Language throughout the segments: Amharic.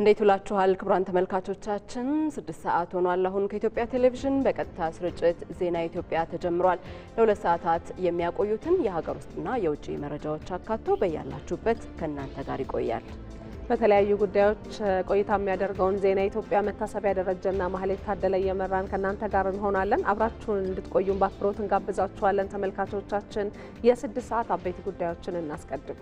እንዴት ውላችኋል ክቡራን ተመልካቾቻችን፣ ስድስት ሰዓት ሆኗል። አሁን ከኢትዮጵያ ቴሌቪዥን በቀጥታ ስርጭት ዜና ኢትዮጵያ ተጀምሯል። ለሁለት ሰዓታት የሚያቆዩትን የሀገር ውስጥና የውጭ መረጃዎች አካቶ በያላችሁበት ከእናንተ ጋር ይቆያል። በተለያዩ ጉዳዮች ቆይታ የሚያደርገውን ዜና ኢትዮጵያ መታሰቢያ ደረጀና ማህሌት ታደለ እየመራን ከእናንተ ጋር እንሆናለን። አብራችሁን እንድትቆዩን በአክብሮት እንጋብዛችኋለን። ተመልካቾቻችን የስድስት ሰዓት አበይት ጉዳዮችን እናስቀድም።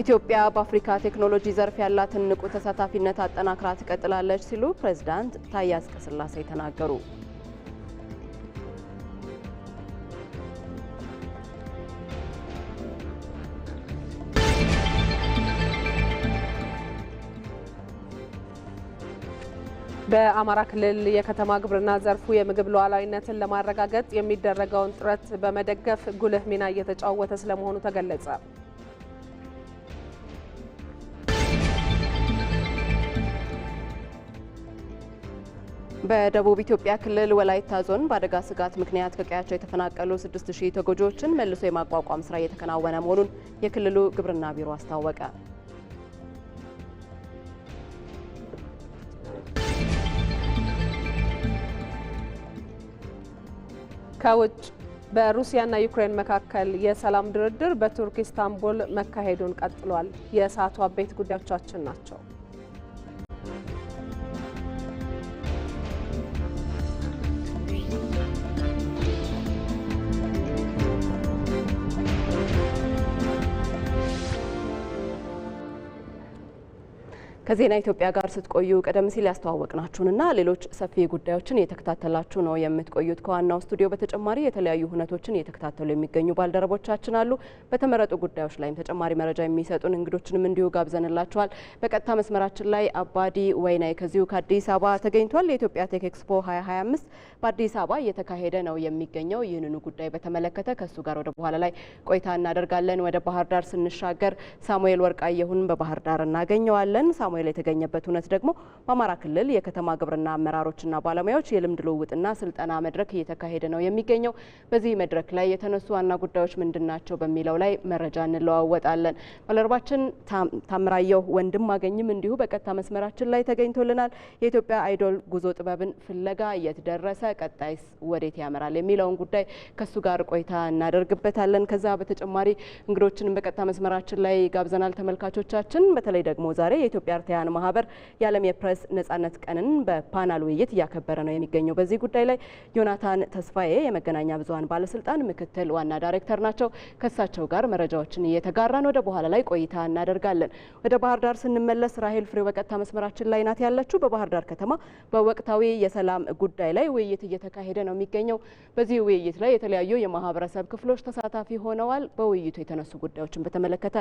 ኢትዮጵያ በአፍሪካ ቴክኖሎጂ ዘርፍ ያላትን ንቁ ተሳታፊነት አጠናክራ ትቀጥላለች ሲሉ ፕሬዝዳንት ታዬ አጽቀሥላሴ ተናገሩ። በአማራ ክልል የከተማ ግብርና ዘርፉ የምግብ ሉዓላዊነትን ለማረጋገጥ የሚደረገውን ጥረት በመደገፍ ጉልህ ሚና እየተጫወተ ስለመሆኑ ተገለጸ። በደቡብ ኢትዮጵያ ክልል ወላይታ ዞን በአደጋ ስጋት ምክንያት ከቀያቸው የተፈናቀሉ 6000 ተጎጂዎችን መልሶ የማቋቋም ስራ እየተከናወነ መሆኑን የክልሉ ግብርና ቢሮ አስታወቀ። ከውጭ በሩሲያና ዩክሬን መካከል የሰላም ድርድር በቱርክ ኢስታንቡል መካሄዱን ቀጥሏል። የሰዓቱ አበይት ጉዳዮቻችን ናቸው። ከዜና ኢትዮጵያ ጋር ስትቆዩ ቀደም ሲል ያስተዋወቅናችሁንና ሌሎች ሰፊ ጉዳዮችን እየተከታተላችሁ ነው የምትቆዩት። ከዋናው ስቱዲዮ በተጨማሪ የተለያዩ ሁነቶችን እየተከታተሉ የሚገኙ ባልደረቦቻችን አሉ። በተመረጡ ጉዳዮች ላይም ተጨማሪ መረጃ የሚሰጡን እንግዶችንም እንዲሁ ጋብዘንላችኋል። በቀጥታ መስመራችን ላይ አባዲ ወይናይ ከዚሁ ከአዲስ አበባ ተገኝቷል። የኢትዮጵያ ቴክ ኤክስፖ 2025 በአዲስ አበባ እየተካሄደ ነው የሚገኘው። ይህንኑ ጉዳይ በተመለከተ ከእሱ ጋር ወደ በኋላ ላይ ቆይታ እናደርጋለን። ወደ ባህር ዳር ስንሻገር ሳሙኤል ወርቃየሁን በባህር ዳር እናገኘዋለን። ሳሙኤል ሳሙኤል የተገኘበት እውነት ደግሞ በአማራ ክልል የከተማ ግብርና አመራሮችና ባለሙያዎች የልምድ ልውውጥና ስልጠና መድረክ እየተካሄደ ነው የሚገኘው። በዚህ መድረክ ላይ የተነሱ ዋና ጉዳዮች ምንድን ናቸው በሚለው ላይ መረጃ እንለዋወጣለን። ባልደረባችን ታምራየሁ ወንድም አገኝም እንዲሁ በቀጥታ መስመራችን ላይ ተገኝቶልናል። የኢትዮጵያ አይዶል ጉዞ ጥበብን ፍለጋ የት ደረሰ፣ ቀጣይስ ወዴት ያመራል የሚለውን ጉዳይ ከሱ ጋር ቆይታ እናደርግበታለን። ከዛ በተጨማሪ እንግዶችንም በቀጥታ መስመራችን ላይ ጋብዘናል። ተመልካቾቻችን በተለይ ደግሞ ዛሬ የኢትዮጵያ ኤርትራውያን ማህበር የዓለም የፕሬስ ነጻነት ቀንን በፓናል ውይይት እያከበረ ነው የሚገኘው። በዚህ ጉዳይ ላይ ዮናታን ተስፋዬ የመገናኛ ብዙሃን ባለስልጣን ምክትል ዋና ዳይሬክተር ናቸው። ከእሳቸው ጋር መረጃዎችን እየተጋራን ወደ በኋላ ላይ ቆይታ እናደርጋለን። ወደ ባህር ዳር ስንመለስ ራሄል ፍሬ በቀጥታ መስመራችን ላይ ናት ያለችው በባህር ዳር ከተማ በወቅታዊ የሰላም ጉዳይ ላይ ውይይት እየተካሄደ ነው የሚገኘው። በዚህ ውይይት ላይ የተለያዩ የማህበረሰብ ክፍሎች ተሳታፊ ሆነዋል። በውይይቱ የተነሱ ጉዳዮችን በተመለከተ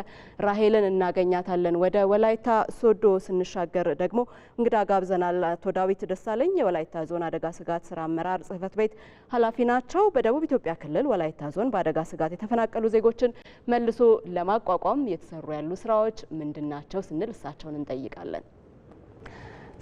ራሄልን እናገኛታለን። ወደ ወላይታ ሶዶ ስቱዲዮ ስንሻገር ደግሞ እንግዳ ጋብዘናል። አቶ ዳዊት ደሳለኝ የወላይታ ዞን አደጋ ስጋት ስራ አመራር ጽህፈት ቤት ኃላፊ ናቸው። በደቡብ ኢትዮጵያ ክልል ወላይታ ዞን በአደጋ ስጋት የተፈናቀሉ ዜጎችን መልሶ ለማቋቋም የተሰሩ ያሉ ስራዎች ምንድን ናቸው ስንል እሳቸውን እንጠይቃለን።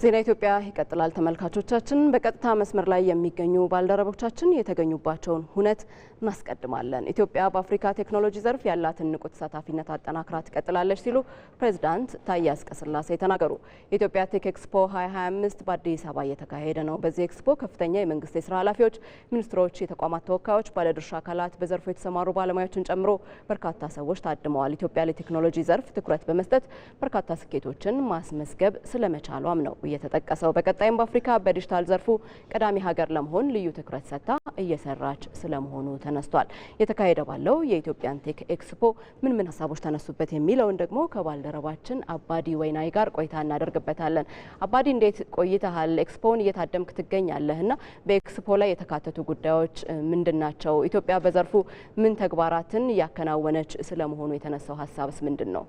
ዜና ኢትዮጵያ ይቀጥላል። ተመልካቾቻችን በቀጥታ መስመር ላይ የሚገኙ ባልደረቦቻችን የተገኙባቸውን ሁነት እናስቀድማለን። ኢትዮጵያ በአፍሪካ ቴክኖሎጂ ዘርፍ ያላትን ንቁ ተሳታፊነት አጠናክራ ትቀጥላለች ሲሉ ፕሬዚዳንት ታዬ አጽቀሥላሴ ተናገሩ። የኢትዮጵያ ቴክ ኤክስፖ 2025 በአዲስ አበባ እየተካሄደ ነው። በዚህ ኤክስፖ ከፍተኛ የመንግስት የስራ ኃላፊዎች፣ ሚኒስትሮች፣ የተቋማት ተወካዮች፣ ባለድርሻ አካላት፣ በዘርፉ የተሰማሩ ባለሙያዎችን ጨምሮ በርካታ ሰዎች ታድመዋል። ኢትዮጵያ ለቴክኖሎጂ ዘርፍ ትኩረት በመስጠት በርካታ ስኬቶችን ማስመዝገብ ስለመቻሏም ነው የተጠቀሰው። በቀጣይም በአፍሪካ በዲጂታል ዘርፉ ቀዳሚ ሀገር ለመሆን ልዩ ትኩረት ሰጥታ እየሰራች ስለመሆኑ ተነስቷል። የተካሄደ ባለው የኢትዮጵያን ቴክ ኤክስፖ ምን ምን ሀሳቦች ተነሱበት የሚለውን ደግሞ ከባልደረባችን አባዲ ወይናይ ጋር ቆይታ እናደርግበታለን። አባዲ እንዴት ቆይተሃል? ኤክስፖውን እየታደምክ ትገኛለህ እና በኤክስፖ ላይ የተካተቱ ጉዳዮች ምንድን ናቸው? ኢትዮጵያ በዘርፉ ምን ተግባራትን እያከናወነች ስለመሆኑ የተነሳው ሀሳብስ ምንድን ነው?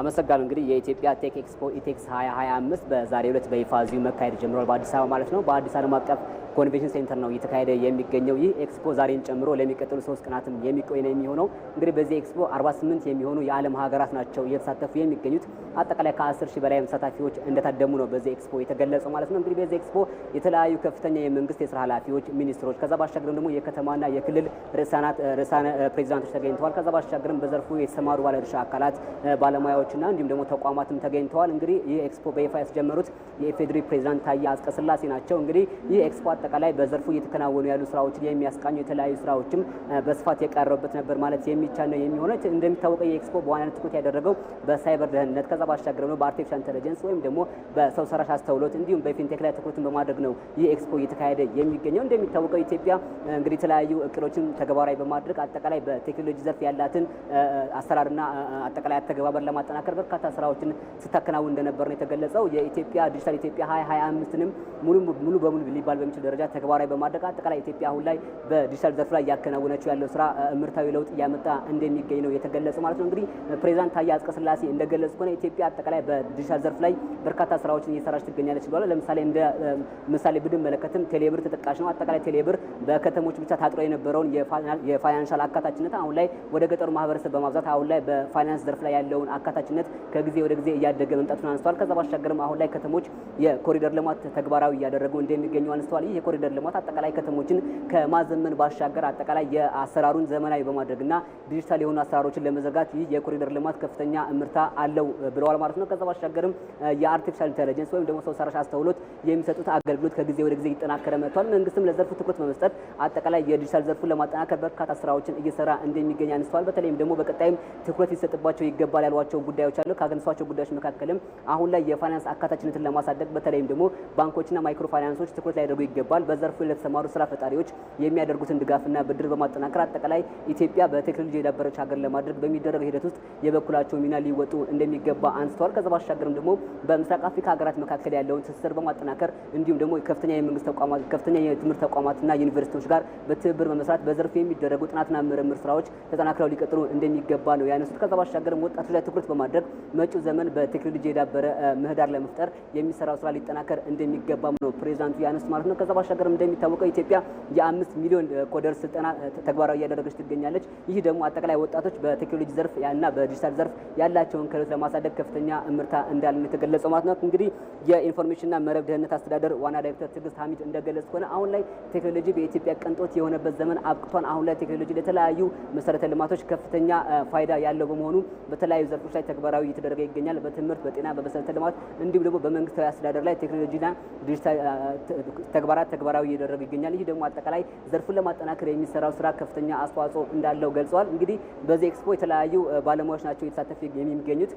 አመሰግናለሁ። እንግዲህ የኢትዮጵያ ቴክ ኤክስፖ ኢቴክስ 2025 በዛሬው ዕለት በይፋ እዚሁ መካሄድ ጀምሯል፣ በአዲስ አበባ ማለት ነው። በአዲስ ዓለም አቀፍ ኮንቬንሽን ሴንተር ነው እየተካሄደ የሚገኘው። ይህ ኤክስፖ ዛሬን ጨምሮ ለሚቀጥሉ ሶስት ቀናትም የሚቆይ ነው የሚሆነው። እንግዲህ በዚህ ኤክስፖ 48 የሚሆኑ የዓለም ሀገራት ናቸው እየተሳተፉ የሚገኙት። አጠቃላይ ከአስር ሺህ በላይ ተሳታፊዎች እንደታደሙ ነው በዚህ ኤክስፖ የተገለጸው ማለት ነው። እንግዲህ በዚህ ኤክስፖ የተለያዩ ከፍተኛ የመንግስት የስራ ኃላፊዎች፣ ሚኒስትሮች ከዛ ባሻገርም ደግሞ የከተማና የክልል ርዕሳነ ፕሬዚዳንቶች ተገኝተዋል። ከዛ ባሻገርም በዘርፉ የተሰማሩ ባለድርሻ አካላት ባለሙያዎችና እንዲሁም ደግሞ ተቋማትም ተገኝተዋል። እንግዲህ ይህ ኤክስፖ በይፋ ያስጀመሩት የኢፌዴሪ ፕሬዚዳንት ታዬ አጽቀሥላሴ ናቸው። እንግዲህ ይህ ኤክስፖ አጠቃላይ በዘርፉ እየተከናወኑ ያሉ ስራዎችን የሚያስቃኙ የተለያዩ ስራዎችም በስፋት የቀረቡበት ነበር ማለት የሚቻል ነው የሚሆነች እንደሚታወቀው የኤክስፖ በዋናነት ትኩረት ያደረገው በሳይበር ደህንነት ከዛ ባሻገር ነው በአርቲፊሻል ኢንተለጀንስ ወይም ደግሞ በሰው ሰራሽ አስተውሎት እንዲሁም በፊንቴክ ላይ ትኩረትን በማድረግ ነው ይህ ኤክስፖ እየተካሄደ የሚገኘው። እንደሚታወቀው ኢትዮጵያ እንግዲህ የተለያዩ እቅዶችን ተግባራዊ በማድረግ አጠቃላይ በቴክኖሎጂ ዘርፍ ያላትን አሰራርና አጠቃላይ አተገባበር ለማጠናከር በርካታ ስራዎችን ስታከናውን እንደነበር ነው የተገለጸው። የኢትዮጵያ ዲጂታል ኢትዮጵያ 2025ንም ሙሉ ሙሉ በሙሉ ሊባል በሚችል ደረጃ ተግባራዊ በማድረግ አጠቃላይ ኢትዮጵያ አሁን ላይ በዲጂታል ዘርፍ ላይ እያከናወነችው ያለው ስራ ምርታዊ ለውጥ እያመጣ እንደሚገኝ ነው የተገለጸው ማለት ነው። እንግዲህ ፕሬዚዳንት ታዬ አጽቀሥላሴ እንደገለጹ ከሆነ ኢትዮጵያ አጠቃላይ በዲጂታል ዘርፍ ላይ በርካታ ስራዎችን እየሰራች ትገኛለች ብሏል። ለምሳሌ እንደ ምሳሌ ብንመለከትም ቴሌብር ተጠቃሽ ነው። አጠቃላይ ቴሌብር በከተሞች ብቻ ታጥሮ የነበረውን የፋይናንሻል አካታችነት አሁን ላይ ወደ ገጠሩ ማህበረሰብ በማብዛት አሁን ላይ በፋይናንስ ዘርፍ ላይ ያለውን አካታችነት ከጊዜ ወደ ጊዜ እያደገ መምጣቱን አንስተዋል። ከዛ ባሻገርም አሁን ላይ ከተሞች የኮሪደር ልማት ተግባራዊ እያደረጉ እንደሚገኙ አንስተዋል። ይህ የኮሪደር ልማት አጠቃላይ ከተሞችን ከማዘመን ባሻገር አጠቃላይ የአሰራሩን ዘመናዊ በማድረግና ዲጂታል የሆኑ አሰራሮችን ለመዘርጋት ይህ የኮሪደር ልማት ከፍተኛ እምርታ አለው ብለዋል ማለት ነው። ከዛ ባሻገርም የአርቲፊሻል ኢንተለጀንስ ወይም ደግሞ ሰው ሰራሽ አስተውሎት የሚሰጡት አገልግሎት ከጊዜ ወደ ጊዜ ይጠናከረ መጥቷል። መንግስትም ለዘርፉ ትኩረት በመስጠት አጠቃላይ የዲጂታል ዘርፉን ለማጠናከር በርካታ ስራዎችን እየሰራ እንደሚገኝ አንስተዋል። በተለይም ደግሞ በቀጣይም ትኩረት ሊሰጥባቸው ይገባል ያሏቸው ጉዳዮች አሉ። ካገነሷቸው ጉዳዮች መካከልም አሁን ላይ የፋይናንስ አካታችነትን ለማሳደግ በተለይም ደግሞ ባንኮችና ማይክሮ ፋይናንሶች ትኩረት ሊያደርጉ ይገባል። በዘርፉ ለተሰማሩ ስራ ፈጣሪዎች የሚያደርጉትን ድጋፍና ብድር በማጠናከር አጠቃላይ ኢትዮጵያ በቴክኖሎጂ የዳበረች ሀገር ለማድረግ በሚደረግ ሂደት ውስጥ የበኩላቸው ሚና ሊወጡ እንደሚገባ አንስተዋል። ከዛ ባሻገርም ደግሞ በምስራቅ አፍሪካ ሀገራት መካከል ያለውን ትስስር በማጠናከር እንዲሁም ደግሞ ከፍተኛ የመንግስት ተቋማት፣ ከፍተኛ የትምህርት ተቋማትና ዩኒቨርሲቲዎች ጋር በትብብር በመስራት በዘርፉ የሚደረጉ ጥናትና ምርምር ስራዎች ተጠናክረው ሊቀጥሉ እንደሚገባ ነው ያነሱት። ከዛ ባሻገርም ወጣቶች ላይ ትኩረት በማድረግ መጪው ዘመን በቴክኖሎጂ የዳበረ ምህዳር ለመፍጠር የሚሰራው ስራ ሊጠናከር እንደሚገባ ነው ፕሬዚዳንቱ ያነሱት ማለት ነው። ከዛ ባሻገርም እንደሚታወቀው ኢትዮጵያ የአምስት ሚሊዮን ኮደር ስልጠና ተግባራዊ እያደረገች ትገኛለች። ይህ ደግሞ አጠቃላይ ወጣቶች በቴክኖሎጂ ዘርፍ እና በዲጂታል ዘርፍ ያላቸውን ክህሎት ለማሳደግ ከፍተኛ እምርታ እንዳለን የተገለጸ ማለት ነው። እንግዲህ የኢንፎርሜሽንና መረብ ደህንነት አስተዳደር ዋና ዳይሬክተር ትዕግስት ሀሚድ እንደገለጽ ከሆነ አሁን ላይ ቴክኖሎጂ በኢትዮጵያ ቅንጦት የሆነበት ዘመን አብቅቷን። አሁን ላይ ቴክኖሎጂ ለተለያዩ መሰረተ ልማቶች ከፍተኛ ፋይዳ ያለው በመሆኑ በተለያዩ ዘርፎች ላይ ተግባራዊ እየተደረገ ይገኛል። በትምህርት፣ በጤና፣ በመሰረተ ልማት እንዲሁም ደግሞ በመንግስታዊ አስተዳደር ላይ ቴክኖሎጂና ዲጂታል ተግባራት ተግባራዊ እየደረገ ይገኛል። ይህ ደግሞ አጠቃላይ ዘርፉን ለማጠናከር የሚሰራው ስራ ከፍተኛ አስተዋጽኦ እንዳለው ገልጸዋል። እንግዲህ በዚህ ኤክስፖ የተለያዩ ባለሙያዎች ናቸው የተሳተፉ የሚገኙት።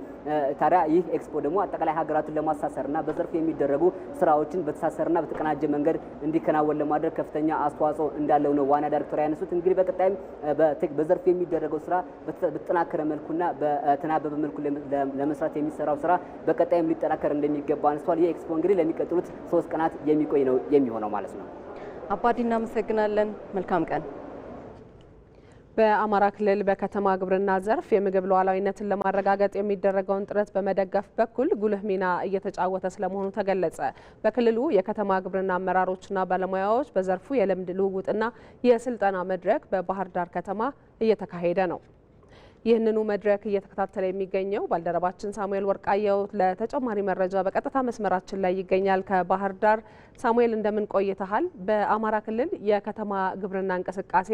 ታዲያ ይህ ኤክስፖ ደግሞ አጠቃላይ ሀገራቱን ለማሳሰርና በዘርፉ የሚደረጉ ስራዎችን በተሳሰርና በተቀናጀ መንገድ እንዲከናወን ለማድረግ ከፍተኛ አስተዋጽኦ እንዳለው ነው ዋና ዳይሬክተር ያነሱት። እንግዲህ በቀጣይም በዘርፍ የሚደረገው ስራ በተጠናከረ መልኩና በተናበበ መልኩ ለመስራት የሚሰራው ስራ በቀጣይም ሊጠናከር እንደሚገባ አንስቷል። ይህ ኤክስፖ እንግዲህ ለሚቀጥሉት ሶስት ቀናት የሚቆይ ነው የሚሆነው ማለት ነው። አባዲ እናመሰግናለን። መልካም ቀን በአማራ ክልል በከተማ ግብርና ዘርፍ የምግብ ሉዓላዊነትን ለማረጋገጥ የሚደረገውን ጥረት በመደገፍ በኩል ጉልህ ሚና እየተጫወተ ስለመሆኑ ተገለጸ። በክልሉ የከተማ ግብርና አመራሮችና ባለሙያዎች በዘርፉ የልምድ ልውውጥና የስልጠና መድረክ በባህር ዳር ከተማ እየተካሄደ ነው። ይህንኑ መድረክ እየተከታተለ የሚገኘው ባልደረባችን ሳሙኤል ወርቃየው ለተጨማሪ መረጃ በቀጥታ መስመራችን ላይ ይገኛል ከባህር ዳር። ሳሙኤል እንደምን ቆይተሃል? በአማራ ክልል የከተማ ግብርና እንቅስቃሴ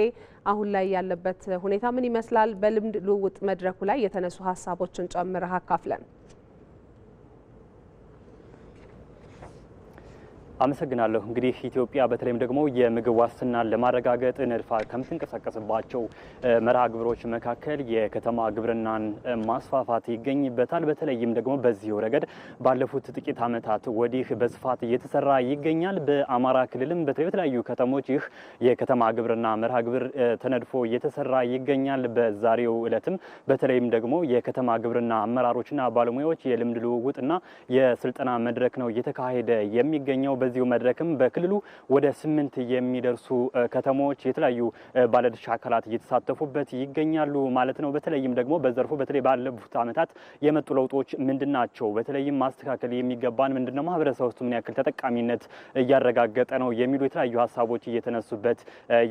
አሁን ላይ ያለበት ሁኔታ ምን ይመስላል? በልምድ ልውውጥ መድረኩ ላይ የተነሱ ሀሳቦችን ጨምረህ አካፍለን። አመሰግናለሁ። እንግዲህ ኢትዮጵያ በተለይም ደግሞ የምግብ ዋስትናን ለማረጋገጥ ንድፋ ከምትንቀሳቀስባቸው መርሃ ግብሮች መካከል የከተማ ግብርናን ማስፋፋት ይገኝበታል። በተለይም ደግሞ በዚሁ ረገድ ባለፉት ጥቂት ዓመታት ወዲህ በስፋት እየተሰራ ይገኛል። በአማራ ክልልም በተለያዩ ከተሞች ይህ የከተማ ግብርና መርሃ ግብር ተነድፎ እየተሰራ ይገኛል። በዛሬው እለትም በተለይም ደግሞ የከተማ ግብርና አመራሮችና ባለሙያዎች የልምድ ልውውጥና የስልጠና መድረክ ነው እየተካሄደ የሚገኘው። በዚሁ መድረክም በክልሉ ወደ ስምንት የሚደርሱ ከተሞች የተለያዩ ባለድርሻ አካላት እየተሳተፉበት ይገኛሉ ማለት ነው። በተለይም ደግሞ በዘርፉ በተለይ ባለፉት ዓመታት የመጡ ለውጦች ምንድን ናቸው? በተለይም ማስተካከል የሚገባን ምንድን ነው? ማህበረሰብ ውስጥ ምን ያክል ተጠቃሚነት እያረጋገጠ ነው? የሚሉ የተለያዩ ሀሳቦች እየተነሱበት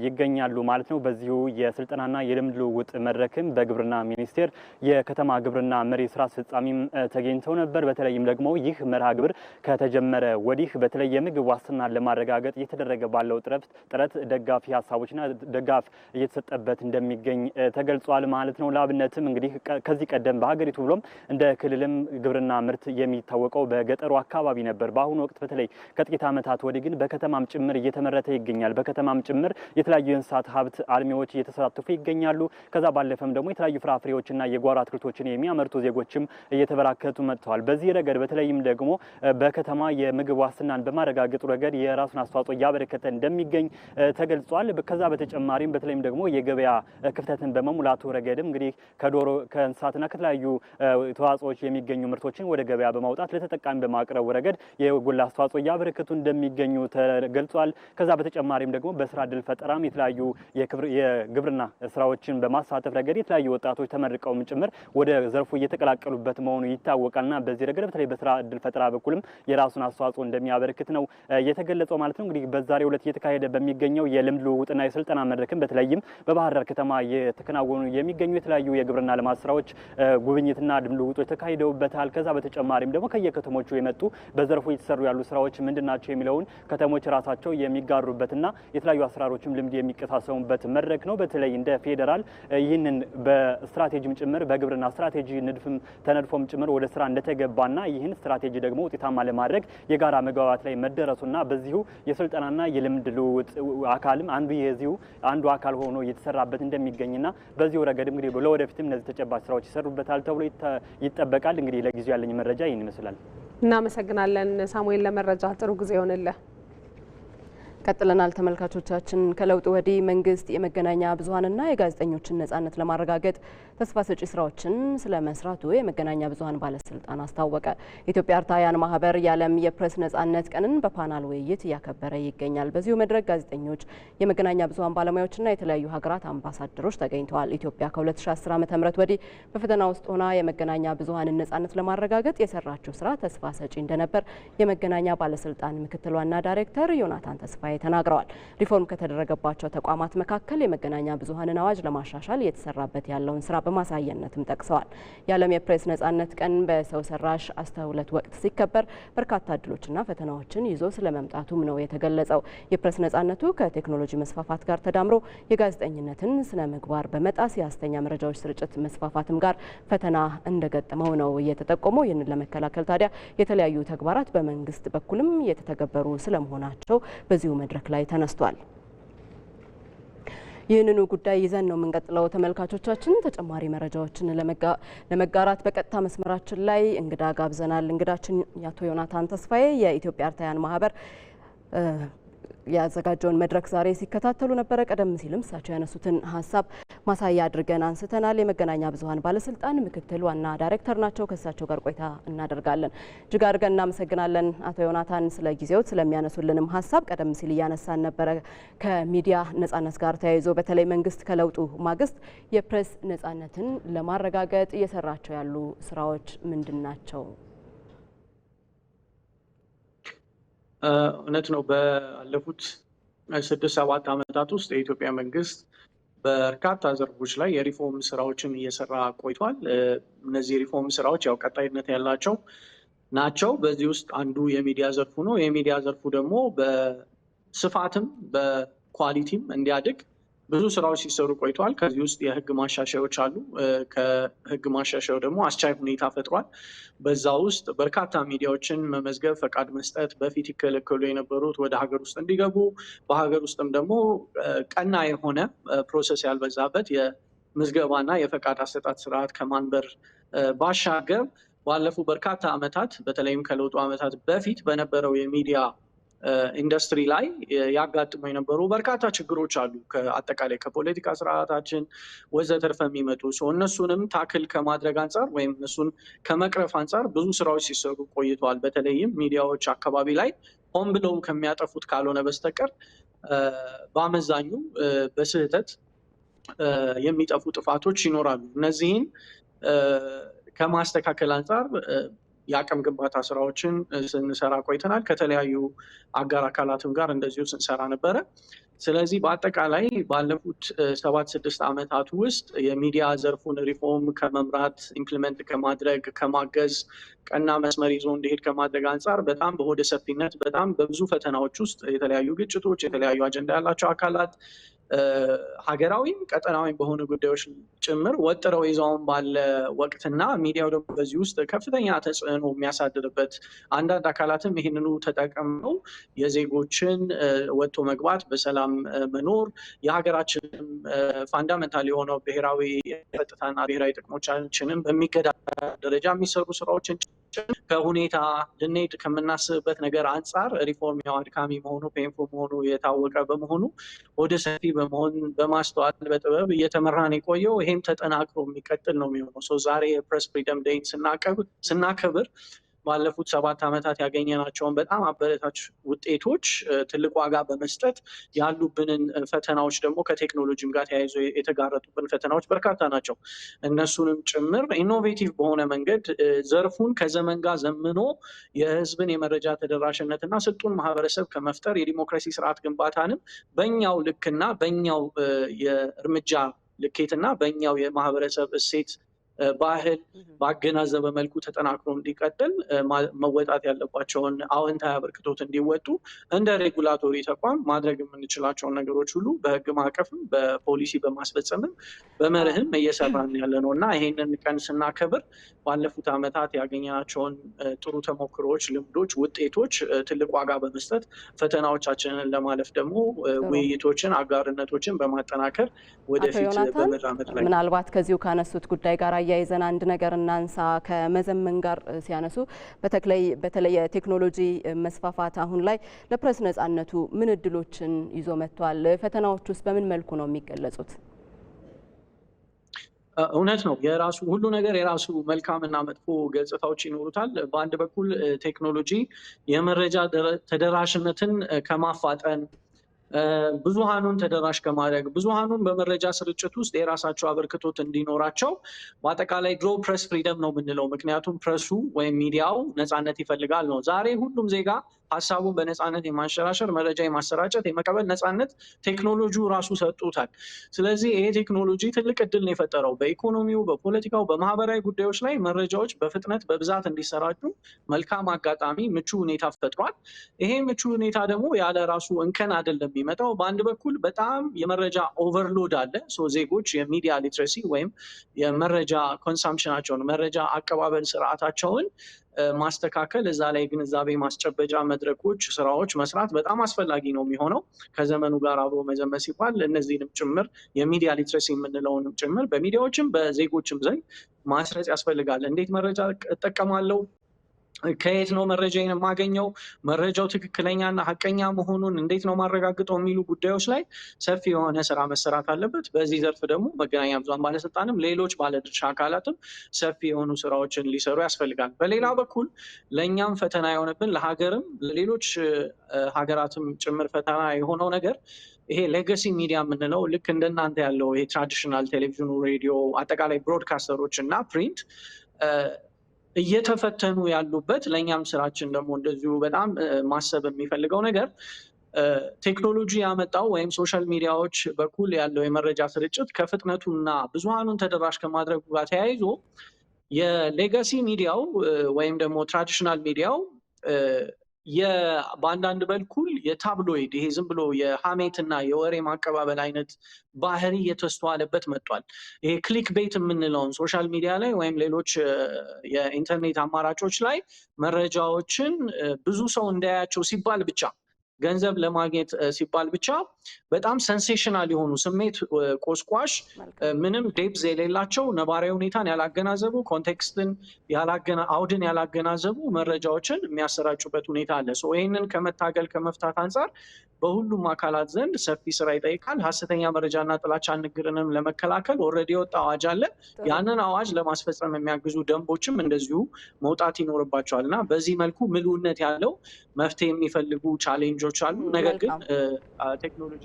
ይገኛሉ ማለት ነው። በዚሁ የስልጠናና የልምድ ልውውጥ መድረክም በግብርና ሚኒስቴር የከተማ ግብርና መሪ ስራ አስፈጻሚም ተገኝተው ነበር። በተለይም ደግሞ ይህ መርሃ ግብር ከተጀመረ ወዲህ በተለይ የምግብ ዋስትናን ለማረጋገጥ እየተደረገ ባለው ጥረት ጥረት ደጋፊ ሀሳቦችና ደጋፍ እየተሰጠበት እንደሚገኝ ተገልጿል ማለት ነው። ለአብነትም እንግዲህ ከዚህ ቀደም በሀገሪቱ ብሎም እንደ ክልልም ግብርና ምርት የሚታወቀው በገጠሩ አካባቢ ነበር። በአሁኑ ወቅት በተለይ ከጥቂት ዓመታት ወዲህ ግን በከተማም ጭምር እየተመረተ ይገኛል። በከተማም ጭምር የተለያዩ የእንስሳት ሀብት አልሚዎች እየተሳተፉ ይገኛሉ። ከዛ ባለፈም ደግሞ የተለያዩ ፍራፍሬዎችና የጓሮ አትክልቶችን የሚያመርቱ ዜጎችም እየተበራከቱ መጥተዋል። በዚህ ረገድ በተለይም ደግሞ በከተማ የምግብ ዋስትናን በማረጋ በማረጋገጡ ረገድ የራሱን አስተዋጽኦ እያበረከተ እንደሚገኝ ተገልጿል። ከዛ በተጨማሪም በተለይም ደግሞ የገበያ ክፍተትን በመሙላቱ ረገድም እንግዲህ ከዶሮ ከእንስሳትና ከተለያዩ ተዋጽኦዎች የሚገኙ ምርቶችን ወደ ገበያ በማውጣት ለተጠቃሚ በማቅረቡ ረገድ የጎላ አስተዋጽኦ እያበረከቱ እንደሚገኙ ተገልጿል። ከዛ በተጨማሪም ደግሞ በስራ እድል ፈጠራም የተለያዩ የግብርና ስራዎችን በማሳተፍ ረገድ የተለያዩ ወጣቶች ተመርቀውም ጭምር ወደ ዘርፉ እየተቀላቀሉበት መሆኑ ይታወቃልና በዚህ ረገድ በተለይ በስራ እድል ፈጠራ በኩልም የራሱን አስተዋጽኦ እንደሚያበረክት ነው የተገለጸው ማለት ነው። እንግዲህ በዛሬው ዕለት እየተካሄደ በሚገኘው የልምድ ልውውጥና የስልጠና መድረክም በተለይም በባህር ዳር ከተማ የተከናወኑ የሚገኙ የተለያዩ የግብርና ልማት ስራዎች ጉብኝትና ልምድ ልውውጦች ተካሂደውበታል። ከዛ በተጨማሪም ደግሞ ከየከተሞቹ የመጡ በዘርፉ የተሰሩ ያሉ ስራዎች ምንድን ናቸው የሚለውን ከተሞች ራሳቸው የሚጋሩበትና የተለያዩ አሰራሮችም ልምድ የሚቀሳሰሙበት መድረክ ነው። በተለይ እንደ ፌዴራል ይህንን በስትራቴጂም ጭምር በግብርና ስትራቴጂ ንድፍም ተነድፎም ጭምር ወደ ስራ እንደተገባና ይህን ስትራቴጂ ደግሞ ውጤታማ ለማድረግ የጋራ መግባባት ላይ መደረሱና በዚሁ የስልጠናና የልምድ ልውውጥ አካልም አንዱ የዚሁ አንዱ አካል ሆኖ እየተሰራበት እንደሚገኝና በዚሁ ረገድ እንግዲህ ለወደፊትም እነዚህ ተጨባጭ ስራዎች ይሰሩበታል ተብሎ ይጠበቃል። እንግዲህ ለጊዜው ያለኝ መረጃ ይህን ይመስላል። እናመሰግናለን ሳሙኤል፣ ለመረጃ ጥሩ ጊዜ ይሆንልህ። ቀጥለናል ተመልካቾቻችን። ከለውጥ ወዲህ መንግስት የመገናኛ ብዙሀንና የጋዜጠኞችን ነጻነት ለማረጋገጥ ተስፋ ሰጪ ስራዎችን ስለ መስራቱ የመገናኛ ብዙሀን ባለስልጣን አስታወቀ። የኢትዮጵያ አርታያን ማህበር የዓለም የፕሬስ ነጻነት ቀንን በፓናል ውይይት እያከበረ ይገኛል። በዚሁ መድረክ ጋዜጠኞች፣ የመገናኛ ብዙኃን ባለሙያዎችና የተለያዩ ሀገራት አምባሳደሮች ተገኝተዋል። ኢትዮጵያ ከ2010 ዓ ም ወዲህ በፈተና ውስጥ ሆና የመገናኛ ብዙሀንን ነጻነት ለማረጋገጥ የሰራችው ስራ ተስፋ ሰጪ እንደነበር የመገናኛ ባለስልጣን ምክትል ዋና ዳይሬክተር ዮናታን ተስፋዬ ላይ ተናግረዋል። ሪፎርም ከተደረገባቸው ተቋማት መካከል የመገናኛ ብዙሀንን አዋጅ ለማሻሻል እየተሰራበት ያለውን ስራ በማሳያነትም ጠቅሰዋል። የዓለም የፕሬስ ነጻነት ቀን በሰው ሰራሽ አስተውሎት ወቅት ሲከበር በርካታ እድሎችና ፈተናዎችን ይዞ ስለመምጣቱም ነው የተገለጸው። የፕሬስ ነጻነቱ ከቴክኖሎጂ መስፋፋት ጋር ተዳምሮ የጋዜጠኝነትን ስነ ምግባር በመጣስ የሐሰተኛ መረጃዎች ስርጭት መስፋፋትም ጋር ፈተና እንደገጠመው ነው የተጠቆመው። ይህንን ለመከላከል ታዲያ የተለያዩ ተግባራት በመንግስት በኩልም የተተገበሩ ስለመሆናቸው በዚሁ መድረክ ላይ ተነስቷል። ይህንኑ ጉዳይ ይዘን ነው የምንቀጥለው። ተመልካቾቻችን ተጨማሪ መረጃዎችን ለመጋራት በቀጥታ መስመራችን ላይ እንግዳ ጋብዘናል። እንግዳችን አቶ ዮናታን ተስፋዬ የኢትዮጵያ አርታያን ማህበር ያዘጋጀውን መድረክ ዛሬ ሲከታተሉ ነበረ። ቀደም ሲልም እሳቸው ያነሱትን ሀሳብ ማሳያ አድርገን አንስተናል። የመገናኛ ብዙኃን ባለስልጣን ምክትል ዋና ዳይሬክተር ናቸው። ከእሳቸው ጋር ቆይታ እናደርጋለን። እጅግ አድርገን እናመሰግናለን አቶ ዮናታን ስለ ጊዜዎት ስለሚያነሱልንም ሀሳብ ቀደም ሲል እያነሳን ነበረ። ከሚዲያ ነጻነት ጋር ተያይዞ በተለይ መንግስት ከለውጡ ማግስት የፕሬስ ነጻነትን ለማረጋገጥ እየሰራቸው ያሉ ስራዎች ምንድን ናቸው? እውነት ነው። በለፉት ስድስት ሰባት ዓመታት ውስጥ የኢትዮጵያ መንግስት በርካታ ዘርፎች ላይ የሪፎርም ስራዎችን እየሰራ ቆይቷል። እነዚህ የሪፎርም ስራዎች ያው ቀጣይነት ያላቸው ናቸው። በዚህ ውስጥ አንዱ የሚዲያ ዘርፉ ነው። የሚዲያ ዘርፉ ደግሞ በስፋትም በኳሊቲም እንዲያድግ ብዙ ስራዎች ሲሰሩ ቆይተዋል። ከዚህ ውስጥ የህግ ማሻሻያዎች አሉ። ከህግ ማሻሻያው ደግሞ አስቻይ ሁኔታ ፈጥሯል። በዛ ውስጥ በርካታ ሚዲያዎችን መመዝገብ፣ ፈቃድ መስጠት፣ በፊት ይከለከሉ የነበሩት ወደ ሀገር ውስጥ እንዲገቡ በሀገር ውስጥም ደግሞ ቀና የሆነ ፕሮሰስ ያልበዛበት የምዝገባና የፈቃድ አሰጣት ስርዓት ከማንበር ባሻገር ባለፉ በርካታ ዓመታት በተለይም ከለውጡ ዓመታት በፊት በነበረው የሚዲያ ኢንዱስትሪ ላይ ያጋጥሙ የነበሩ በርካታ ችግሮች አሉ። አጠቃላይ ከፖለቲካ ስርዓታችን ወዘተርፈ የሚመጡ ሰው እነሱንም ታክል ከማድረግ አንጻር ወይም እነሱን ከመቅረፍ አንጻር ብዙ ስራዎች ሲሰሩ ቆይተዋል። በተለይም ሚዲያዎች አካባቢ ላይ ሆን ብለው ከሚያጠፉት ካልሆነ በስተቀር በአመዛኙ በስህተት የሚጠፉ ጥፋቶች ይኖራሉ። እነዚህን ከማስተካከል አንጻር የአቅም ግንባታ ስራዎችን ስንሰራ ቆይተናል። ከተለያዩ አጋር አካላትም ጋር እንደዚሁ ስንሰራ ነበረ። ስለዚህ በአጠቃላይ ባለፉት ሰባት ስድስት ዓመታት ውስጥ የሚዲያ ዘርፉን ሪፎርም ከመምራት ኢምፕሊመንት ከማድረግ ከማገዝ ቀና መስመር ይዞ እንዲሄድ ከማድረግ አንጻር በጣም በሆደ ሰፊነት በጣም በብዙ ፈተናዎች ውስጥ የተለያዩ ግጭቶች፣ የተለያዩ አጀንዳ ያላቸው አካላት ሀገራዊም ቀጠናዊም በሆኑ ጉዳዮች ጭምር ወጥረው ይዘውን ባለ ወቅትና ሚዲያው ደግሞ በዚህ ውስጥ ከፍተኛ ተጽዕኖ የሚያሳድርበት አንዳንድ አካላትም ይህንኑ ተጠቅመው የዜጎችን ወጥቶ መግባት፣ በሰላም መኖር የሀገራችንም ፋንዳመንታል የሆነው ብሔራዊ ጸጥታና ብሔራዊ ጥቅሞቻችንም በሚገዳ ደረጃ የሚሰሩ ስራዎችን ከሁኔታ ልንሄድ ከምናስብበት ነገር አንጻር ሪፎርም ያው አድካሚ መሆኑ ፔንፎ መሆኑ የታወቀ በመሆኑ ወደ ሰፊ በመሆን በማስተዋል በጥበብ እየተመራን የቆየው ይሄም ተጠናክሮ የሚቀጥል ነው የሚሆነው። ዛሬ የፕሬስ ፍሪደም ዴይን ስናከብር ባለፉት ሰባት ዓመታት ያገኘናቸውን በጣም አበረታች ውጤቶች ትልቅ ዋጋ በመስጠት ያሉብንን ፈተናዎች ደግሞ ከቴክኖሎጂም ጋር ተያይዞ የተጋረጡብን ፈተናዎች በርካታ ናቸው። እነሱንም ጭምር ኢኖቬቲቭ በሆነ መንገድ ዘርፉን ከዘመን ጋር ዘምኖ የህዝብን የመረጃ ተደራሽነትና ስልጡን ማህበረሰብ ከመፍጠር የዲሞክራሲ ስርዓት ግንባታንም በኛው ልክና በኛው የእርምጃ ልኬትና በኛው የማህበረሰብ እሴት ባህል ባገናዘበ መልኩ ተጠናክሮ እንዲቀጥል መወጣት ያለባቸውን አዎንታዊ አበርክቶት እንዲወጡ እንደ ሬጉላቶሪ ተቋም ማድረግ የምንችላቸውን ነገሮች ሁሉ በህግ ማዕቀፍም በፖሊሲ በማስፈጸምም በመርህም እየሰራን ያለ ነው እና ይሄንን ቀን ስናከብር ባለፉት ዓመታት ያገኘናቸውን ጥሩ ተሞክሮዎች፣ ልምዶች፣ ውጤቶች ትልቅ ዋጋ በመስጠት ፈተናዎቻችንን ለማለፍ ደግሞ ውይይቶችን፣ አጋርነቶችን በማጠናከር ወደፊት በመራመድ ላይ ምናልባት ከዚሁ ካነሱት ጉዳይ ጋር አያይዘን አንድ ነገር እናንሳ። ከመዘመን ጋር ሲያነሱ በተለይ የቴክኖሎጂ መስፋፋት አሁን ላይ ለፕሬስ ነጻነቱ ምን እድሎችን ይዞ መጥቷል? ፈተናዎች ውስጥ በምን መልኩ ነው የሚገለጹት? እውነት ነው። የራሱ ሁሉ ነገር የራሱ መልካምና መጥፎ ገጽታዎች ይኖሩታል። በአንድ በኩል ቴክኖሎጂ የመረጃ ተደራሽነትን ከማፋጠን ብዙሃኑን ተደራሽ ከማድረግ ብዙሃኑን በመረጃ ስርጭት ውስጥ የራሳቸው አበርክቶት እንዲኖራቸው በአጠቃላይ ድሮ ፕሬስ ፍሪደም ነው የምንለው። ምክንያቱም ፕረሱ ወይም ሚዲያው ነፃነት ይፈልጋል ነው። ዛሬ ሁሉም ዜጋ ሀሳቡን በነፃነት የማንሸራሸር መረጃ የማሰራጨት የመቀበል ነፃነት ቴክኖሎጂው ራሱ ሰጡታል። ስለዚህ ይሄ ቴክኖሎጂ ትልቅ እድል ነው የፈጠረው። በኢኮኖሚው፣ በፖለቲካው፣ በማህበራዊ ጉዳዮች ላይ መረጃዎች በፍጥነት በብዛት እንዲሰራጩ መልካም አጋጣሚ፣ ምቹ ሁኔታ ፈጥሯል። ይሄ ምቹ ሁኔታ ደግሞ ያለ ራሱ እንከን አይደለም የሚመጣው። በአንድ በኩል በጣም የመረጃ ኦቨርሎድ አለ። ዜጎች የሚዲያ ሊትሬሲ ወይም የመረጃ ኮንሳምፕሽናቸውን መረጃ አቀባበል ስርዓታቸውን ማስተካከል እዛ ላይ ግንዛቤ ማስጨበጫ መድረኮች፣ ስራዎች መስራት በጣም አስፈላጊ ነው የሚሆነው። ከዘመኑ ጋር አብሮ መዘመን ሲባል እነዚህንም ጭምር የሚዲያ ሊትሬሲ የምንለውንም ጭምር በሚዲያዎችም በዜጎችም ዘንድ ማስረጽ ያስፈልጋል። እንዴት መረጃ እጠቀማለው ከየት ነው መረጃ የማገኘው? መረጃው ትክክለኛና ሀቀኛ መሆኑን እንዴት ነው ማረጋግጠው? የሚሉ ጉዳዮች ላይ ሰፊ የሆነ ስራ መሰራት አለበት። በዚህ ዘርፍ ደግሞ መገናኛ ብዙሃን ባለስልጣንም ሌሎች ባለድርሻ አካላትም ሰፊ የሆኑ ስራዎችን ሊሰሩ ያስፈልጋል። በሌላ በኩል ለእኛም ፈተና የሆነብን ለሀገርም ለሌሎች ሀገራትም ጭምር ፈተና የሆነው ነገር ይሄ ሌጋሲ ሚዲያ የምንለው ልክ እንደናንተ ያለው ይሄ ትራዲሽናል ቴሌቪዥኑ፣ ሬዲዮ፣ አጠቃላይ ብሮድካስተሮች እና ፕሪንት እየተፈተኑ ያሉበት ለእኛም ስራችን ደግሞ እንደዚሁ በጣም ማሰብ የሚፈልገው ነገር ቴክኖሎጂ ያመጣው ወይም ሶሻል ሚዲያዎች በኩል ያለው የመረጃ ስርጭት ከፍጥነቱና ብዙሃኑን ተደራሽ ከማድረጉ ጋር ተያይዞ የሌጋሲ ሚዲያው ወይም ደግሞ ትራዲሽናል ሚዲያው በአንዳንድ በልኩል የታብሎይድ ይሄ ዝም ብሎ የሀሜትና የወሬ ማቀባበል አይነት ባህሪ የተስተዋለበት መጥቷል። ይሄ ክሊክ ቤት የምንለውን ሶሻል ሚዲያ ላይ ወይም ሌሎች የኢንተርኔት አማራጮች ላይ መረጃዎችን ብዙ ሰው እንዳያቸው ሲባል ብቻ ገንዘብ ለማግኘት ሲባል ብቻ በጣም ሰንሴሽናል የሆኑ ስሜት ቆስቋሽ፣ ምንም ዴፕዝ የሌላቸው ነባራዊ ሁኔታን ያላገናዘቡ ኮንቴክስትን አውድን ያላገናዘቡ መረጃዎችን የሚያሰራጩበት ሁኔታ አለ። ይህንን ከመታገል ከመፍታት አንጻር በሁሉም አካላት ዘንድ ሰፊ ስራ ይጠይቃል። ሀሰተኛ መረጃና ጥላቻ ንግርንም ለመከላከል ወረድ የወጣ አዋጅ አለ። ያንን አዋጅ ለማስፈጸም የሚያግዙ ደንቦችም እንደዚሁ መውጣት ይኖርባቸዋል እና በዚህ መልኩ ምሉዕነት ያለው መፍትሄ የሚፈልጉ ቻሌንጆች መረጃዎች አሉ። ነገር ግን ቴክኖሎጂ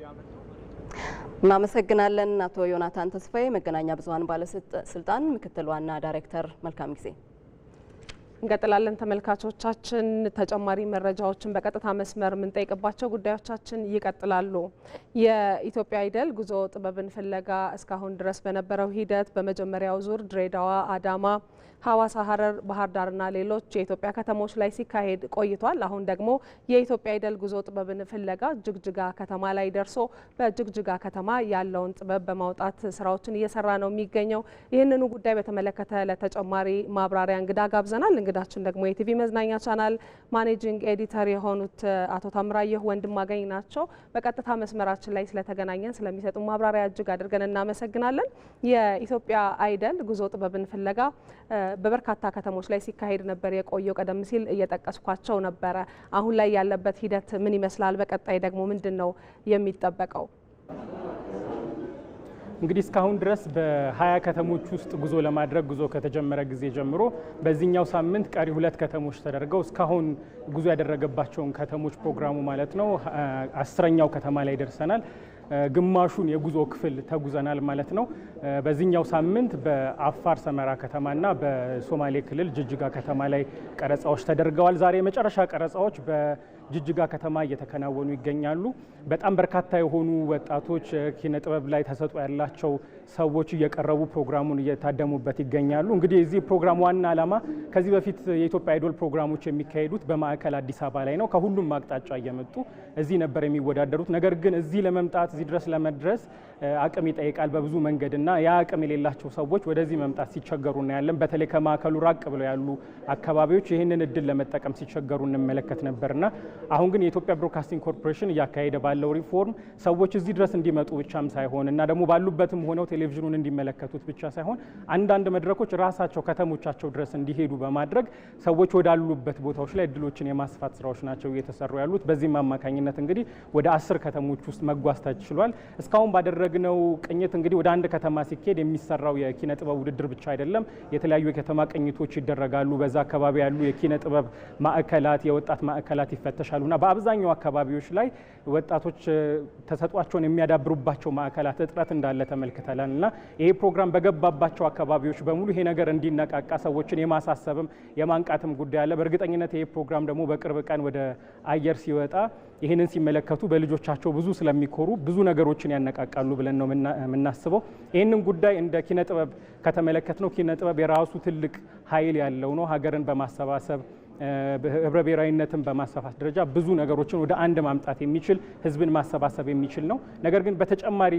እናመሰግናለን። አቶ ዮናታን ተስፋዬ መገናኛ ብዙኃን ባለስልጣን ምክትል ዋና ዳይሬክተር፣ መልካም ጊዜ። እንቀጥላለን ተመልካቾቻችን። ተጨማሪ መረጃዎችን በቀጥታ መስመር የምንጠይቅባቸው ጉዳዮቻችን ይቀጥላሉ። የኢትዮጵያ አይደል ጉዞ ጥበብን ፍለጋ እስካሁን ድረስ በነበረው ሂደት በመጀመሪያው ዙር ድሬዳዋ፣ አዳማ ሐዋሳ፣ ሐረር፣ ባህር ዳርና ሌሎች የኢትዮጵያ ከተሞች ላይ ሲካሄድ ቆይቷል። አሁን ደግሞ የኢትዮጵያ አይደል ጉዞ ጥበብን ፍለጋ ጅግጅጋ ከተማ ላይ ደርሶ በጅግጅጋ ከተማ ያለውን ጥበብ በማውጣት ስራዎችን እየሰራ ነው የሚገኘው። ይህንኑ ጉዳይ በተመለከተ ለተጨማሪ ማብራሪያ እንግዳ ጋብዘናል። እንግዳችን ደግሞ የቲቪ መዝናኛ ቻናል ማኔጂንግ ኤዲተር የሆኑት አቶ ታምራየሁ ወንድማገኝ ናቸው። በቀጥታ መስመራችን ላይ ስለተገናኘን ስለሚሰጡ ማብራሪያ እጅግ አድርገን እናመሰግናለን። የኢትዮጵያ አይደል ጉዞ ጥበብን ፍለጋ በበርካታ ከተሞች ላይ ሲካሄድ ነበር የቆየው። ቀደም ሲል እየጠቀስኳቸው ነበረ። አሁን ላይ ያለበት ሂደት ምን ይመስላል? በቀጣይ ደግሞ ምንድን ነው የሚጠበቀው? እንግዲህ እስካሁን ድረስ በሀያ ከተሞች ውስጥ ጉዞ ለማድረግ ጉዞ ከተጀመረ ጊዜ ጀምሮ በዚህኛው ሳምንት ቀሪ ሁለት ከተሞች ተደርገው እስካሁን ጉዞ ያደረገባቸውን ከተሞች ፕሮግራሙ ማለት ነው አስረኛው ከተማ ላይ ደርሰናል። ግማሹን የጉዞ ክፍል ተጉዘናል ማለት ነው። በዚህኛው ሳምንት በአፋር ሰመራ ከተማና በሶማሌ ክልል ጅጅጋ ከተማ ላይ ቀረጻዎች ተደርገዋል። ዛሬ የመጨረሻ ቀረጻዎች በጅጅጋ ከተማ እየተከናወኑ ይገኛሉ። በጣም በርካታ የሆኑ ወጣቶች ኪነ ጥበብ ላይ ተሰጥኦ ያላቸው ሰዎች እየቀረቡ ፕሮግራሙን እየታደሙበት ይገኛሉ። እንግዲህ የዚህ ፕሮግራም ዋና ዓላማ ከዚህ በፊት የኢትዮጵያ አይዶል ፕሮግራሞች የሚካሄዱት በማዕከል አዲስ አበባ ላይ ነው። ከሁሉም አቅጣጫ እየመጡ እዚህ ነበር የሚወዳደሩት። ነገር ግን እዚህ ለመምጣት እዚህ ድረስ ለመድረስ አቅም ይጠይቃል በብዙ መንገድ እና ያ አቅም የሌላቸው ሰዎች ወደዚህ መምጣት ሲቸገሩ እናያለን። በተለይ ከማዕከሉ ራቅ ብለው ያሉ አካባቢዎች ይህንን እድል ለመጠቀም ሲቸገሩ እንመለከት ነበርና አሁን ግን የኢትዮጵያ ብሮድካስቲንግ ኮርፖሬሽን እያካሄደ ባለው ሪፎርም ሰዎች እዚህ ድረስ እንዲመጡ ብቻም ሳይሆን እና ደግሞ ባሉበትም ሆነው ቴሌቪዥኑን እንዲመለከቱት ብቻ ሳይሆን አንዳንድ መድረኮች ራሳቸው ከተሞቻቸው ድረስ እንዲሄዱ በማድረግ ሰዎች ወዳሉበት ቦታዎች ላይ እድሎችን የማስፋት ስራዎች ናቸው እየተሰሩ ያሉት። በዚህም አማካኝነት እንግዲህ ወደ አስር ከተሞች ውስጥ መጓዝ ተችሏል። እስካሁን ባደረግነው ቅኝት እንግዲህ ወደ አንድ ከተማ ሲካሄድ የሚሰራው የኪነ ጥበብ ውድድር ብቻ አይደለም። የተለያዩ የከተማ ቅኝቶች ይደረጋሉ። በዛ አካባቢ ያሉ የኪነ ጥበብ ማዕከላት፣ የወጣት ማዕከላት ይፈተሻሉና በአብዛኛው አካባቢዎች ላይ ወጣቶች ተሰጧቸውን የሚያዳብሩባቸው ማዕከላት እጥረት እንዳለ ተመልክተናል። እንችላለን እና ይሄ ፕሮግራም በገባባቸው አካባቢዎች በሙሉ ይሄ ነገር እንዲነቃቃ ሰዎችን የማሳሰብም የማንቃትም ጉዳይ አለ። በእርግጠኝነት ይሄ ፕሮግራም ደግሞ በቅርብ ቀን ወደ አየር ሲወጣ ይህንን ሲመለከቱ በልጆቻቸው ብዙ ስለሚኮሩ ብዙ ነገሮችን ያነቃቃሉ ብለን ነው የምናስበው። ይህንን ጉዳይ እንደ ኪነ ጥበብ ከተመለከት ነው ኪነ ጥበብ የራሱ ትልቅ ኃይል ያለው ነው ሀገርን በማሰባሰብ ህብረ ብሔራዊነትን በማስፋፋት ደረጃ ብዙ ነገሮችን ወደ አንድ ማምጣት የሚችል ህዝብን ማሰባሰብ የሚችል ነው። ነገር ግን በተጨማሪ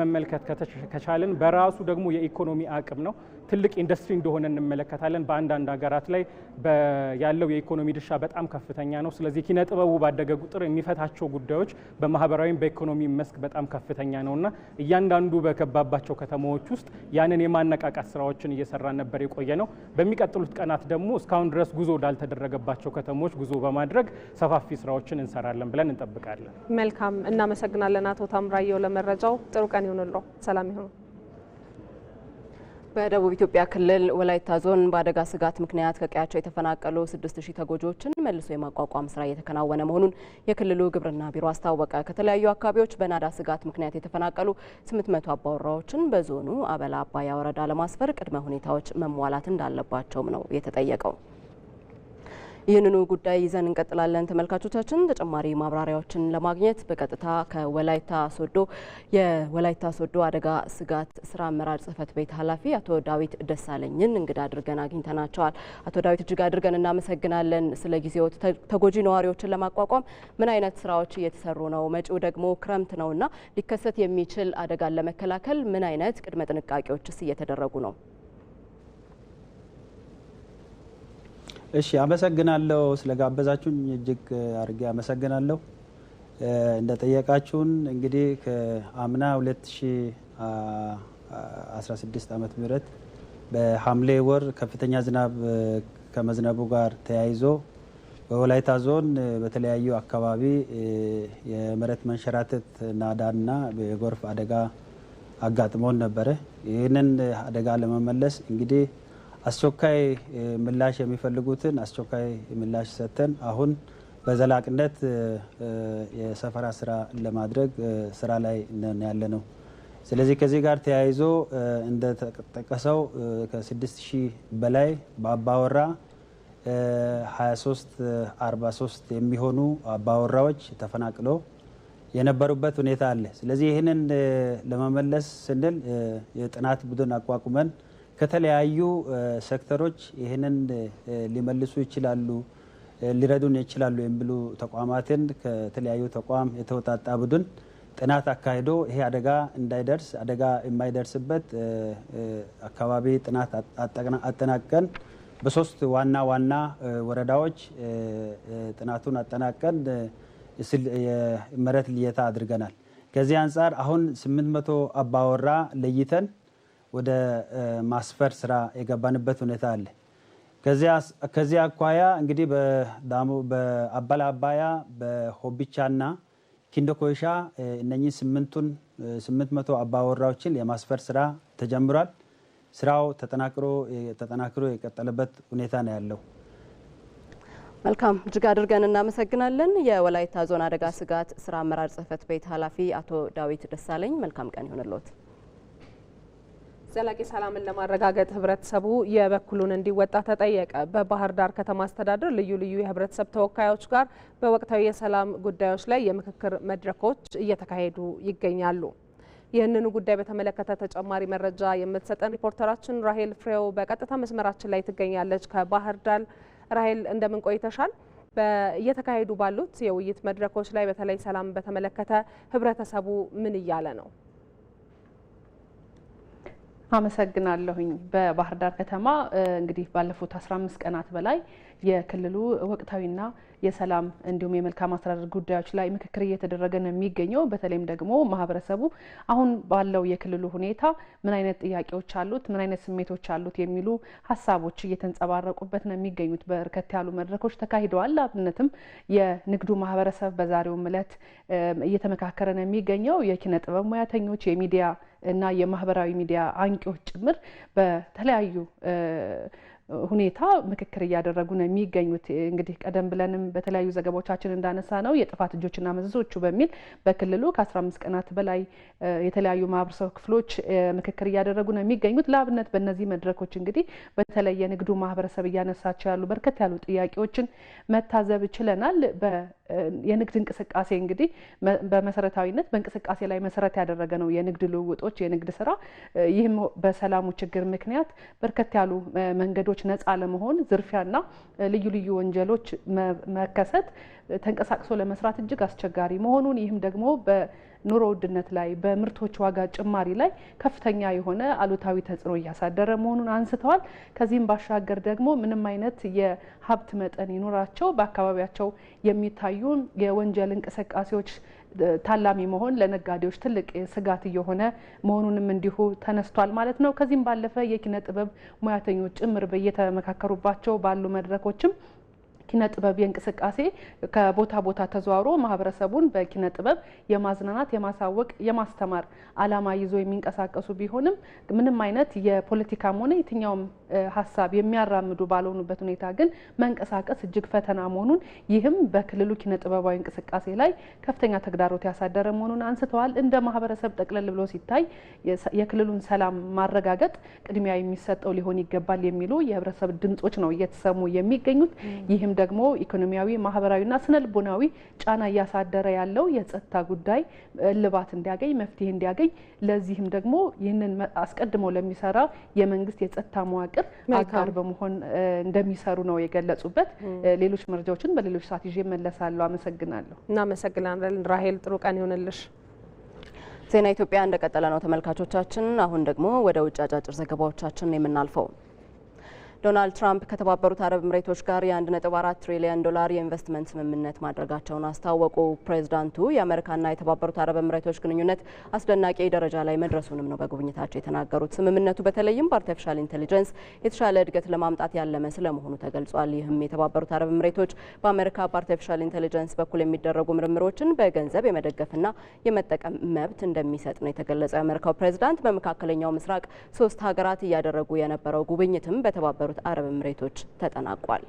መመልከት ከቻልን በራሱ ደግሞ የኢኮኖሚ አቅም ነው። ትልቅ ኢንዱስትሪ እንደሆነ እንመለከታለን። በአንዳንድ ሀገራት ላይ ያለው የኢኮኖሚ ድርሻ በጣም ከፍተኛ ነው። ስለዚህ ኪነ ጥበቡ ባደገ ቁጥር የሚፈታቸው ጉዳዮች በማህበራዊም በኢኮኖሚ መስክ በጣም ከፍተኛ ነውና እያንዳንዱ በከባባቸው ከተማዎች ውስጥ ያንን የማነቃቃት ስራዎችን እየሰራ ነበር የቆየ ነው። በሚቀጥሉት ቀናት ደግሞ እስካሁን ድረስ ጉዞ ተደረገባቸው ከተሞች ጉዞ በማድረግ ሰፋፊ ስራዎችን እንሰራለን ብለን እንጠብቃለን። መልካም፣ እናመሰግናለን አቶ ታምራየው ለመረጃው። ጥሩ ቀን ይሁንሎ። ሰላም ይሁኑ። በደቡብ ኢትዮጵያ ክልል ወላይታ ዞን በአደጋ ስጋት ምክንያት ከቀያቸው የተፈናቀሉ 6000 ተጎጂዎችን መልሶ የማቋቋም ስራ እየተከናወነ መሆኑን የክልሉ ግብርና ቢሮ አስታወቀ። ከተለያዩ አካባቢዎች በናዳ ስጋት ምክንያት የተፈናቀሉ 800 አባወራዎችን በዞኑ አበላ አባያ ወረዳ ለማስፈር ቅድመ ሁኔታዎች መሟላት እንዳለባቸውም ነው የተጠየቀው። ይህንኑ ጉዳይ ይዘን እንቀጥላለን። ተመልካቾቻችን ተጨማሪ ማብራሪያዎችን ለማግኘት በቀጥታ ከወላይታ ሶዶ የወላይታ ሶዶ አደጋ ስጋት ስራ አመራር ጽህፈት ቤት ኃላፊ አቶ ዳዊት ደሳለኝን እንግዳ አድርገን አግኝተናቸዋል። አቶ ዳዊት እጅግ አድርገን እናመሰግናለን ስለ ጊዜዎት። ተጎጂ ነዋሪዎችን ለማቋቋም ምን አይነት ስራዎች እየተሰሩ ነው? መጪው ደግሞ ክረምት ነውና ሊከሰት የሚችል አደጋን ለመከላከል ምን አይነት ቅድመ ጥንቃቄዎችስ እየተደረጉ ነው? እሺ አመሰግናለሁ ስለጋበዛችሁኝ እጅግ አድርጌ አመሰግናለሁ። እንደጠየቃችሁን እንግዲህ ከአምና 2016 ዓመት ምህረት በሐምሌ ወር ከፍተኛ ዝናብ ከመዝነቡ ጋር ተያይዞ በወላይታ ዞን በተለያዩ አካባቢ የመሬት መንሸራተት ናዳና የጎርፍ አደጋ አጋጥሞን ነበረ። ይህንን አደጋ ለመመለስ እንግዲህ አስቸኳይ ምላሽ የሚፈልጉትን አስቸኳይ ምላሽ ሰጥተን አሁን በዘላቅነት የሰፈራ ስራ ለማድረግ ስራ ላይ ያለ ነው። ስለዚህ ከዚህ ጋር ተያይዞ እንደተጠቀሰው ከ6000 በላይ በአባወራ 23 43 የሚሆኑ አባወራዎች ተፈናቅሎ የነበሩበት ሁኔታ አለ። ስለዚህ ይህንን ለመመለስ ስንል የጥናት ቡድን አቋቁመን ከተለያዩ ሴክተሮች ይህንን ሊመልሱ ይችላሉ፣ ሊረዱን ይችላሉ የሚሉ ተቋማትን ከተለያዩ ተቋም የተወጣጣ ቡድን ጥናት አካሂዶ ይሄ አደጋ እንዳይደርስ አደጋ የማይደርስበት አካባቢ ጥናት አጠናቀን በሶስት ዋና ዋና ወረዳዎች ጥናቱን አጠናቀን የመሬት ልየታ አድርገናል። ከዚህ አንጻር አሁን 800 አባወራ ለይተን ወደ ማስፈር ስራ የገባንበት ሁኔታ አለ። ከዚህ አኳያ እንግዲህ በአባላ አባያ በሆቢቻና ኪንዶ ኮይሻ እነኚህ ስምንቱን ስምንት መቶ አባወራዎችን የማስፈር ስራ ተጀምሯል። ስራው ተጠናክሮ የቀጠለበት ሁኔታ ነው ያለው። መልካም እጅግ አድርገን እናመሰግናለን። የወላይታ ዞን አደጋ ስጋት ስራ አመራር ጽህፈት ቤት ኃላፊ አቶ ዳዊት ደሳለኝ መልካም ቀን ይሆንልዎት። ዘላቂ ሰላምን ለማረጋገጥ ህብረተሰቡ የበኩሉን እንዲወጣ ተጠየቀ። በባህር ዳር ከተማ አስተዳደር ልዩ ልዩ የህብረተሰብ ተወካዮች ጋር በወቅታዊ የሰላም ጉዳዮች ላይ የምክክር መድረኮች እየተካሄዱ ይገኛሉ። ይህንኑ ጉዳይ በተመለከተ ተጨማሪ መረጃ የምትሰጠን ሪፖርተራችን ራሄል ፍሬው በቀጥታ መስመራችን ላይ ትገኛለች ከባህር ዳር። ራሄል እንደምን ቆይተሻል? እየተካሄዱ ባሉት የውይይት መድረኮች ላይ በተለይ ሰላም በተመለከተ ህብረተሰቡ ምን እያለ ነው? አመሰግናለሁኝ። በባህር ዳር ከተማ እንግዲህ ባለፉት 15 ቀናት በላይ የክልሉ ወቅታዊና የሰላም እንዲሁም የመልካም አስተዳደር ጉዳዮች ላይ ምክክር እየተደረገ ነው የሚገኘው። በተለይም ደግሞ ማህበረሰቡ አሁን ባለው የክልሉ ሁኔታ ምን አይነት ጥያቄዎች አሉት፣ ምን አይነት ስሜቶች አሉት የሚሉ ሀሳቦች እየተንጸባረቁበት ነው የሚገኙት። በርከት ያሉ መድረኮች ተካሂደዋል። አብነትም የንግዱ ማህበረሰብ በዛሬውም ዕለት እየተመካከረ ነው የሚገኘው የኪነ ጥበብ ሙያተኞች የሚዲያ እና የማህበራዊ ሚዲያ አንቂዎች ጭምር በተለያዩ ሁኔታ ምክክር እያደረጉ ነው የሚገኙት። እንግዲህ ቀደም ብለንም በተለያዩ ዘገባዎቻችን እንዳነሳ ነው የጥፋት እጆችና መዘዞቹ በሚል በክልሉ ከ15 ቀናት በላይ የተለያዩ ማህበረሰብ ክፍሎች ምክክር እያደረጉ ነው የሚገኙት። ለአብነት በእነዚህ መድረኮች እንግዲህ በተለይ የንግዱ ማህበረሰብ እያነሳቸው ያሉ በርከት ያሉ ጥያቄዎችን መታዘብ ችለናል። የንግድ እንቅስቃሴ እንግዲህ በመሰረታዊነት በእንቅስቃሴ ላይ መሰረት ያደረገ ነው። የንግድ ልውውጦች፣ የንግድ ስራ ይህም በሰላሙ ችግር ምክንያት በርከት ያሉ መንገዶች ነፃ ለመሆን ዝርፊያና ልዩ ልዩ ወንጀሎች መከሰት ተንቀሳቅሶ ለመስራት እጅግ አስቸጋሪ መሆኑን ይህም ደግሞ ኑሮ ውድነት ላይ በምርቶች ዋጋ ጭማሪ ላይ ከፍተኛ የሆነ አሉታዊ ተጽዕኖ እያሳደረ መሆኑን አንስተዋል። ከዚህም ባሻገር ደግሞ ምንም አይነት የሀብት መጠን ይኖራቸው በአካባቢያቸው የሚታዩ የወንጀል እንቅስቃሴዎች ታላሚ መሆን ለነጋዴዎች ትልቅ ስጋት እየሆነ መሆኑንም እንዲሁ ተነስቷል ማለት ነው። ከዚህም ባለፈ የኪነ ጥበብ ሙያተኞች ጭምር እየተመካከሩባቸው ባሉ መድረኮችም ኪነ ጥበብ የእንቅስቃሴ ከቦታ ቦታ ተዘዋውሮ ማህበረሰቡን በኪነ ጥበብ የማዝናናት፣ የማሳወቅ፣ የማስተማር አላማ ይዞ የሚንቀሳቀሱ ቢሆንም ምንም አይነት የፖለቲካም ሆነ የትኛውም ሀሳብ የሚያራምዱ ባልሆኑበት ሁኔታ ግን መንቀሳቀስ እጅግ ፈተና መሆኑን ይህም በክልሉ ኪነ ጥበባዊ እንቅስቃሴ ላይ ከፍተኛ ተግዳሮት ያሳደረ መሆኑን አንስተዋል። እንደ ማህበረሰብ ጠቅለል ብሎ ሲታይ የክልሉን ሰላም ማረጋገጥ ቅድሚያ የሚሰጠው ሊሆን ይገባል የሚሉ የህብረተሰብ ድምጾች ነው እየተሰሙ የሚገኙት። ይህም ደግሞ ኢኮኖሚያዊ፣ ማህበራዊና ስነ ልቦናዊ ጫና እያሳደረ ያለው የጸጥታ ጉዳይ እልባት እንዲያገኝ መፍትሄ እንዲያገኝ ለዚህም ደግሞ ይህንን አስቀድሞ ለሚሰራ የመንግስት የጸጥታ መዋቅ የሚያቀፍ አካል በመሆን እንደሚሰሩ ነው የገለጹበት። ሌሎች መረጃዎችን በሌሎች ሰዓት ይዤ መለሳለሁ። አመሰግናለሁ። እናመሰግናለን ራሄል፣ ጥሩ ቀን ይሆንልሽ። ዜና ኢትዮጵያ እንደቀጠለ ነው ተመልካቾቻችን። አሁን ደግሞ ወደ ውጭ አጫጭር ዘገባዎቻችን የምናልፈው ዶናልድ ትራምፕ ከተባበሩት አረብ ኤምሬቶች ጋር የ 4 ትሪሊዮን ዶላር የኢንቨስትመንት ስምምነት ማድረጋቸውን አስታወቁ። ፕሬዝዳንቱ የአሜሪካና የተባበሩት አረብ ኤምሬቶች ግንኙነት አስደናቂ ደረጃ ላይ መድረሱንም ነው በጉብኝታቸው የተናገሩት። ስምምነቱ በተለይም በአርቲፊሻል ኢንቴሊጀንስ የተሻለ እድገት ለማምጣት ያለመ ስለመሆኑ ተገልጿል። ይህም የተባበሩት አረብ ኤምሬቶች በአሜሪካ በአርቲፊሻል ኢንቴሊጀንስ በኩል የሚደረጉ ምርምሮችን በገንዘብ የመደገፍና የመጠቀም መብት እንደሚሰጥ ነው የተገለጸው። የአሜሪካው ፕሬዝዳንት በመካከለኛው ምስራቅ ሶስት ሀገራት እያደረጉ የነበረው ጉብኝትም በተባበሩት አረብ ኤምሬቶች ተጠናቋል።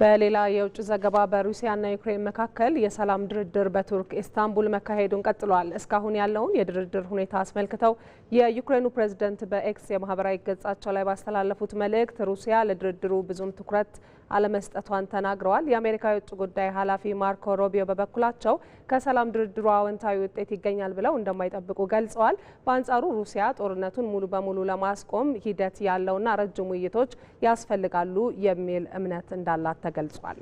በሌላ የውጭ ዘገባ በሩሲያና ዩክሬን መካከል የሰላም ድርድር በቱርክ ኢስታንቡል መካሄዱን ቀጥሏል። እስካሁን ያለውን የድርድር ሁኔታ አስመልክተው የዩክሬኑ ፕሬዝደንት በኤክስ የማህበራዊ ገጻቸው ላይ ባስተላለፉት መልእክት ሩሲያ ለድርድሩ ብዙም ትኩረት አለመስጠቷን ተናግረዋል። የአሜሪካ የውጭ ጉዳይ ኃላፊ ማርኮ ሮቢዮ በበኩላቸው ከሰላም ድርድሩ አወንታዊ ውጤት ይገኛል ብለው እንደማይጠብቁ ገልጸዋል። በአንጻሩ ሩሲያ ጦርነቱን ሙሉ በሙሉ ለማስቆም ሂደት ያለውና ረጅም ውይይቶች ያስፈልጋሉ የሚል እምነት እንዳላት tal cual.